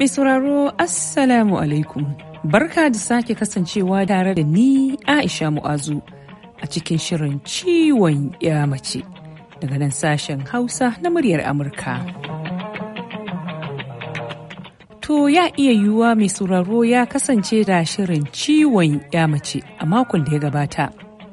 Mai sauraro Assalamu alaikum. Barka da sake kasancewa tare da ni Aisha Mu'azu a cikin shirin ciwon ya mace daga nan sashen Hausa na muryar Amurka. To ya iya yiwuwa mai sauraro ya kasance da shirin ciwon ya mace a makon da ya gabata.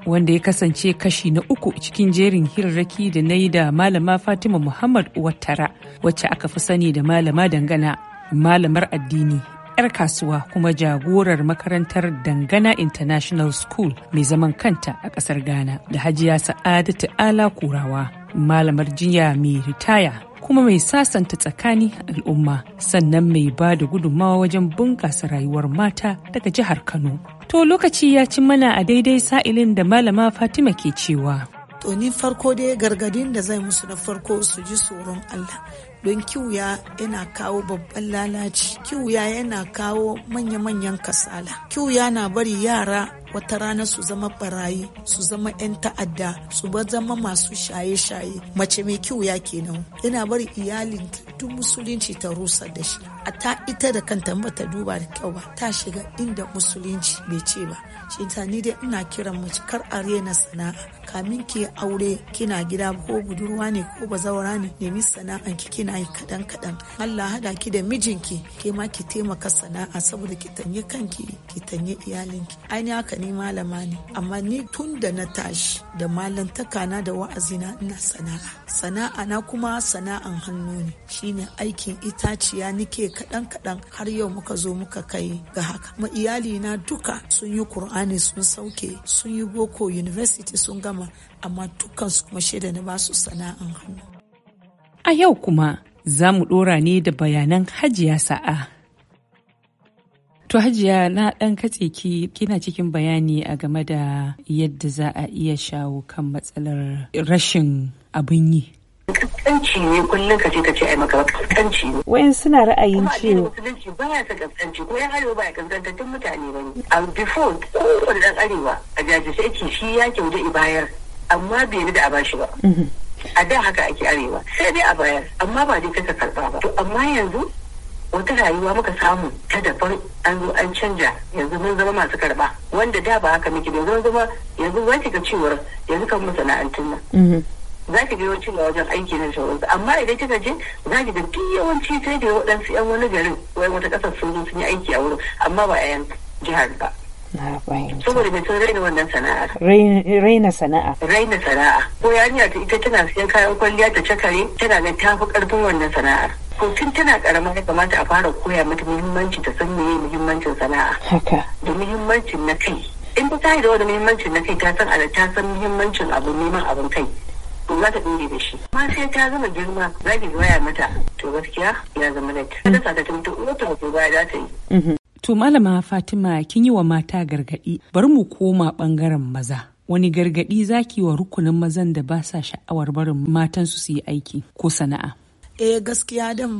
wanda ya kasance kashi na uku cikin jerin hirarraki da na yi da malama fatima muhammad uwattara wacce aka fi sani da malama dangana malamar addini 'yar kasuwa kuma jagorar makarantar dangana international school mai zaman kanta a kasar ghana da hajiya sa'adatu ala kurawa malamar jinya mai ritaya kuma mai sasanta tsakani al'umma sannan mai ba da gudummawa wajen bunƙasa rayuwar mata daga jihar kano to lokaci ya ci mana a daidai sa'ilin da malama fatima ke cewa to ni farko dai gargadin da zai musu na farko su ji tsoron Allah don kiwuya yana kawo babban lalaci kiwuya yana kawo manya-manyan kasala kiwuya na bari yara wata rana su zama barayi su zama 'yan ta'adda su ba zama masu shaye-shaye mace mai kiwuya kenan yana bari iyalin duk musulunci ta rusa da shi a ta ita da kanta ba ta duba da kyau ba ta shiga inda musulunci bai ce ba shi ni dai ina kiran mace kar a rena sana'a kamin ki aure kina gida ko budurwa ne ko bazawara ne nemi sana'an ki kina yi kadan kadan Allah hada ki da mijinki ke ma ki taimaka sana'a saboda ki tanye kanki ki tanye iyalinki ai haka ni malama ne amma ni tun da na tashi da malantaka na da wa'azina ina sana'a sana'a na kuma sana'an hannu ne shine aikin itaciya nike kadan kadan har yau muka zo muka kai ga haka ma iyali na duka sun yi Kur'ani sun sauke sun yi boko university sun gama ba amma dukansu kuma shaida na basu sana'an hannu. A yau kuma za mu ɗora ne da bayanan hajiya sa'a. To hajiya na ɗan katse ki kina cikin bayani a game da yadda za a iya shawo kan matsalar rashin abin yi. kaskanci ne kullum ka ce ka ce ai maka kaskanci ne wayan suna ra'ayin kuma cewa musulunci ba ya san kaskanci ko ya arewa ba ya kaskanta duk mutane ba. ne. a before kowane ɗan arewa a jajirce shi ya kyau da ibayar amma bai da a bashi ba mhm. a da haka ake arewa sai dai a bayar amma ba dai kaka karɓa ba to amma yanzu wata rayuwa muka samu ta daban an zo an canja yanzu mun zama masu karɓa. wanda da ba haka muke yanzu zama yanzu za ki ga cewar yanzu kan masana'antun nan mhm. za ki ga yawancin wajen aiki na shawararsu amma idan kika je za ki ga duk yawanci sai da waɗansu 'yan wani garin wai wata ƙasar sun zo sun yi aiki a wurin amma ba 'yan jihar ba Na fahimta. Saboda mai raina wannan sana'a. Raina sana'a. Raina sana'a. Ko yarinya ta ita tana siyan kayan kwalliya ta cakare tana da ta fi ƙarfin wannan sana'ar. ko tun tana karama ya kamata a fara koya mata muhimmanci ta san meye muhimmancin sana'a. Haka. Da muhimmancin na kai. In ta yi da wani muhimmancin na kai ta san ala ta san muhimmancin abu neman abin kai. Ko za ta ɗore da shi. Ma sai ta zama girma za ki waya mata. To gaskiya ya zama da ta. Ta sa ta mutu ko ta baya za ta yi. Mm-hmm. To Malama Fatima kin yi wa mata gargaɗi bari mu koma ɓangaren maza. Wani gargaɗi zaki wa rukunin mazan da ba sa sha'awar barin matansu su yi aiki ko sana'a? eh gaskiya dan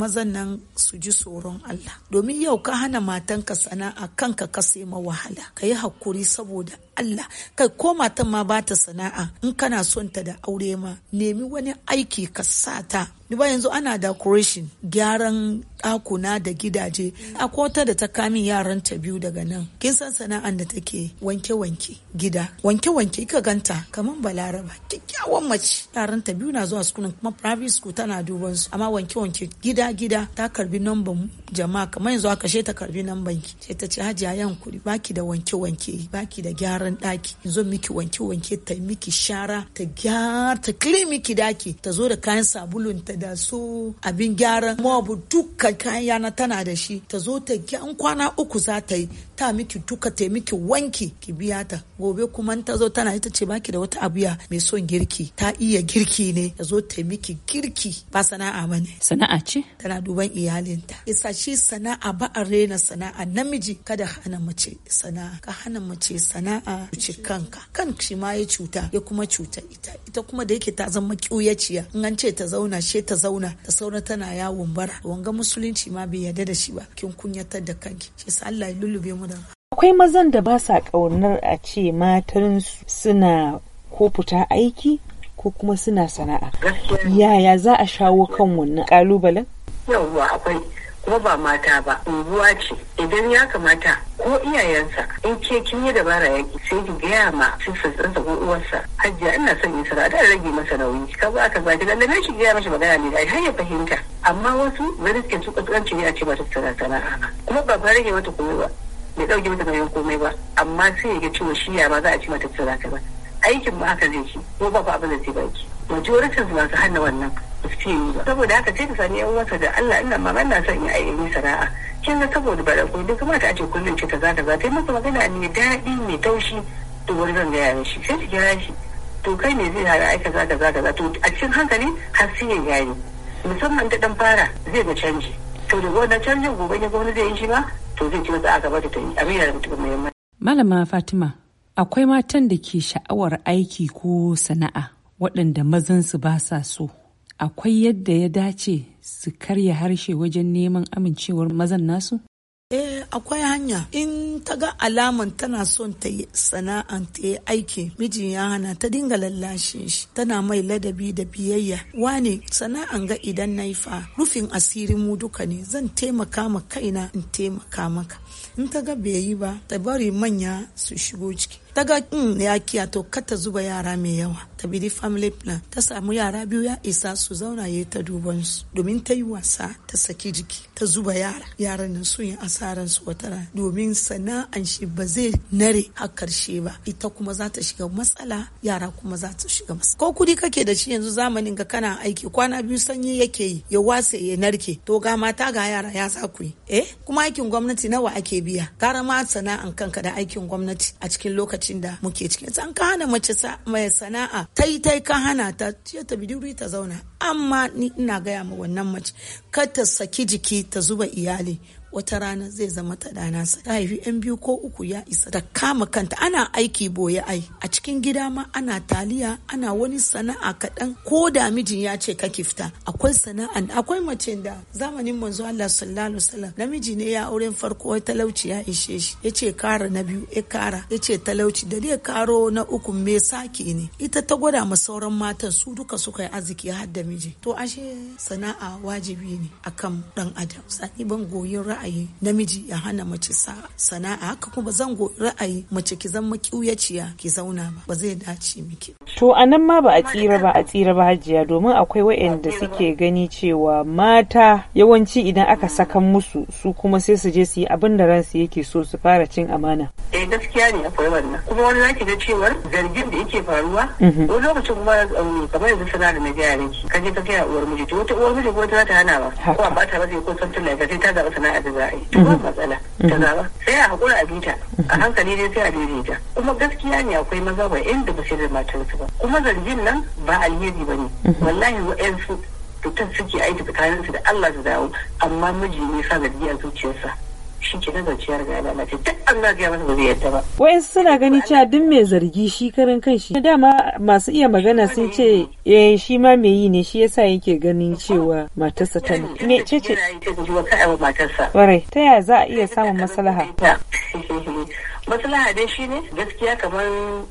mazan nan su ji tsoron Allah domin yau ka hana matanka sana'a kanka ka ma wahala ka yi hakuri saboda Allah kai ko matan ma bata sana'a in kana son ta da aure ma nemi wani aiki ka sa ta ba yanzu ana da decoration gyaran ɗakuna da gidaje a kota da ta kamin yaran ta biyu daga nan kin san sana'an da take wanke-wanke gida wanke-wanke ka ganta kamar balaraba kyakkyawan mace yaran ta biyu na zuwa school kuma private school tana duban su amma wanke-wanke gida-gida ta karbi namban jama'a kamar yanzu aka she ta karbi number ki sai ta ce hajiya yan kuɗi baki da wanke-wanke baki da gyaran sharan daki zo miki wanke wanke ta miki shara ta gyara ta kire miki daki ta zo da kayan sabulun ta da su abin gyaran mawabu dukkan kayan yana tana da shi ta zo ta gyan kwana uku za ta yi ta miki duka ta miki wanki ki biya ta gobe kuma ta zo tana ita ce baki da wata abuya mai son girki ta iya girki ne ta zo ta miki girki ba sana'a ba ne sana'a ce tana duban iyalinta isa shi sana'a ba a rena sana'a namiji kada hana mace sana'a ka hana mace sana'a ya kanka kan shi ma ya cuta ya kuma cuta ita ita kuma da yake ta zama kiuyaciya in an ce ta zauna she ta zauna ta saura tana yawon bara wanga musulunci ma bai yarda da shi ba kin kunyatar da kanki shi sa Allah ya lullube mu da akwai mazan da ba sa kaunar a ce matan suna ko fita aiki ko kuma suna sana'a yaya za a shawo kan wannan kalubalen yawwa akwai kuma ba mata ba unguwa ce idan ya kamata ko iyayensa in ke kin yi dabara yaki sai ki gaya ma sisters ɗinsa ko uwarsa hajiya ina son yin sana'a da rage masa nauyi ka ba ka zaki lalle shi gaya mashi magana ne da har ya fahimta amma wasu zai suke su kaskanci ne a ce ba su sana'a kuma ba ba rage mata komai ba bai ɗauke mata nauyin komai ba amma sai ya ga cewa shi ya ma za a ci mata sana'a ba aikin ba haka zai ci ko ba ba abin da zai baki majoritin su masu hana wannan suke yi ba saboda haka sai ka sani yan uwansa da Allah ina ma na son yi ayyukan sana'a kin ga saboda bara ko duk mata a ce kullun ce kaza kaza sai masa magana ne daɗi mai taushi to wani zan gaya mishi sai ta kira shi to kai ne zai hana aika kaza ta kaza to a cikin hankali har sai ya gane musamman ta dan fara zai ga canji to da wannan canjin gobe ne gobe zai yi shi ma to zai ci wata a gaba da ta yi abin yana da mutum muhimmanci. Malama Fatima akwai matan da ke sha'awar aiki ko sana'a waɗanda mazansu ba sa so akwai yadda ya dace su karya harshe wajen neman amincewar mazan nasu? Eh, akwai hanya in ta ga alaman tana son ta yi sana'an ta yi aiki miji ya hana ta dinga lallashin shi tana mai ladabi da biyayya wane sana'an ga idan na yi fa rufin asirin mu duka ne zan taimaka ma kaina in taimaka maka in ta ga bai yi ba ta bari manya su shigo ciki ta ga in hmm, ya kiya to kar zuba yara mai yawa ta bidi family plan ta samu yara biyu ya isa su zauna ya ta duban su domin ta yi wasa ta saki jiki ta zuba yara yaran nan sun yi asaran su wata rana. domin sana'an shi ba zai nare har karshe ba ita kuma za ta shiga matsala yara kuma za ta shiga matsala ko kudi kake da shi yanzu zamanin ga kana aiki kwana biyu sanyi yake yi ya wase ya narke to ga mata ga yara ya sa ku yi eh kuma aikin gwamnati nawa ake biya gara ma sana'an kanka da aikin gwamnati a cikin lokaci lokacin da muke cikin an ka hana mace mai sana'a ta yi ta ka hana ta ce ta biduri ta zauna amma ni ina gaya ma wannan mace kar ta saki jiki ta zuba iyali wata rana zai zama ta dana sa ta haifi yan biyu ko uku ya isa ta kama kanta ana aiki boye ai a cikin gida ma ana taliya ana wani sana'a kaɗan ko da mijin ya ce ka kifta. akwai sana'a akwai mace da zamanin manzo Allah sallallahu alaihi namiji ne ya auren farko wai talauci ya ishe shi yace kara na biyu ya kara yace talauci da zai karo na uku me saki ne ita ta gwada ma sauran matan su duka suka yi arziki har da miji to ashe sana'a wajibi ne akan dan adam sani ban goyin ra'ayi namiji ya hana mace sana'a haka kuma zan go ra'ayi mace ki zama kiuyaciya ki zauna ba ba zai dace miki. To anan ma ba a tsira ba a tsira ba hajiya domin akwai waɗanda suke gani cewa mata yawanci idan aka sakan musu su kuma sai su je su yi abin da ransu yake so su fara cin amana. eh gaskiya ne akwai wannan kuma wani zaki ga cewar zargin da yake faruwa mhm. wani lokacin kuma um, kamar yanzu sana da na gaya ki ka je ka kai uwar miji to wata uwar miji ko ta hana ba ko a bata ba zai ko san ka sai ta zaba sana'a da za a yi to mhm. ba matsala ta mhm. zaba sai a hakura a bita a hankali dai sai a daidaita kuma gaskiya ne akwai maza ba inda ba sai da matar su ba kuma zargin nan ba alheri ba ne wallahi wa'yansu fitan suke aiki tsakaninsu da Allah su dawo amma miji ne sa zargi a zuciyarsa shi ke da zanciyar ga lalace duk an zagaya ba zai yadda ba. Wayan suna gani cewa duk mai zargi shi karan kan shi. Dama masu iya magana sun ce eh shi ma mai yi ne shi yasa yake ganin cewa matarsa ta ne. Me ce ce? Warai ta yaya za a iya samun maslaha? maslaha dai shi ne gaskiya kamar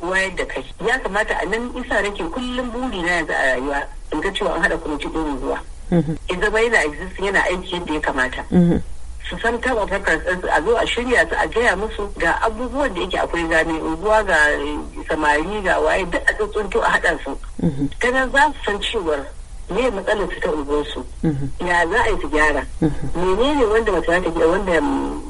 wayar da kai ya kamata a nan isa nake kullum buri na yanzu a rayuwa in ga cewa an haɗa kuma cikin ruwa mm-hmm. in zama na existing yana aiki yadda ya kamata mm-hmm. su san taba fakas eh, a zo a shirya su a gaya musu ga abubuwan da yake akwai gane unguwa ga samari ga waye duk a tsuntsunto a haɗa su ta mhm. za su san cewar me matsalar su ta su. Mhm. ya za a yi su gyara mhm. menene wanda mace za ta gyara wanda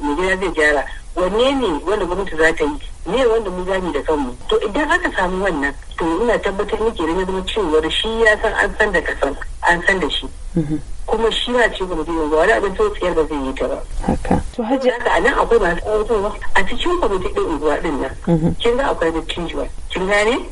mu gida zai gyara wanne ne wanda gwamnati za ta yi ne wanda mu gani da kanmu to idan aka samu wannan to ina tabbatar muke da zama cewar shi ya san an san da kasan an san da shi mhm. kuma shi ba ce kuma zai yanzu wani abin tsayar ba zai yi ta ba. To hajji. Haka a nan akwai masu tsawatarwa a cikin kwamitin ɗin unguwa ɗin nan. Mhm. Kin ga akwai dattijuwa. Kin gane?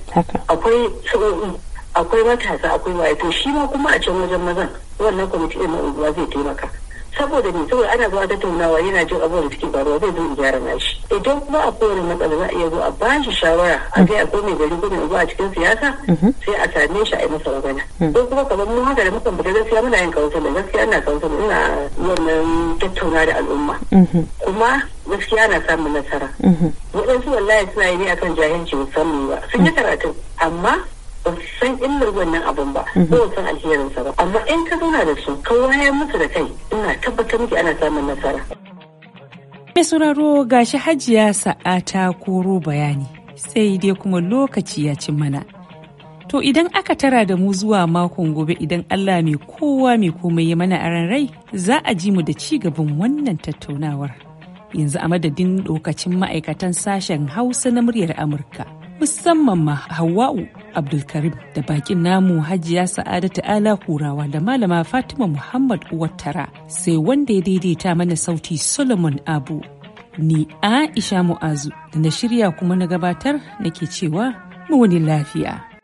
Akwai tsawo'i. Akwai matasa akwai waye to shi ma kuma a can wajen mazan wannan kwamitin ɗin na unguwa zai taimaka. saboda ne saboda ana zuwa tattaunawa yana jin abubuwan da suke faruwa zai zo in gyara nashi idan kuma a kowane matsala za a iya zo a ba shi shawara a je a kome gari ko mai a cikin siyasa mhm. sai a same shi a yi masa magana mhm. ko kuma kamar mu haka da muka fita gaskiya muna yin kawo gaskiya ana kawo ina wannan tattauna da al'umma mhm. kuma gaskiya na samun nasara waɗansu wallahi suna yi ne akan jahilci musamman ba sun yi karatu amma ba su san illar wannan abin ba mhm. ko san alherinsa ba amma in ka zauna da su ka wayar musu da kai ina tabbatar miki ana samun nasara. Mai sauraro gashi hajiya sa'ata koro bayani sai dai kuma lokaci ya ci mana. To idan aka tara da mu zuwa makon gobe idan Allah mai kowa mai komai ya mana aran rai za a ji mu da ci gaban wannan tattaunawar. Yanzu a madadin lokacin ma'aikatan sashen Hausa na muryar Amurka. musamman ma Hawwa'u Abdulkarim da bakin namu Hajiya Sa'adatu Ala Hurawa da Malama Fatima Muhammad Uwattara sai wanda ya daidaita mana sauti Solomon Abu. Ni Aisha Mu'azu da na shirya kuma na gabatar nake cewa mu wani lafiya.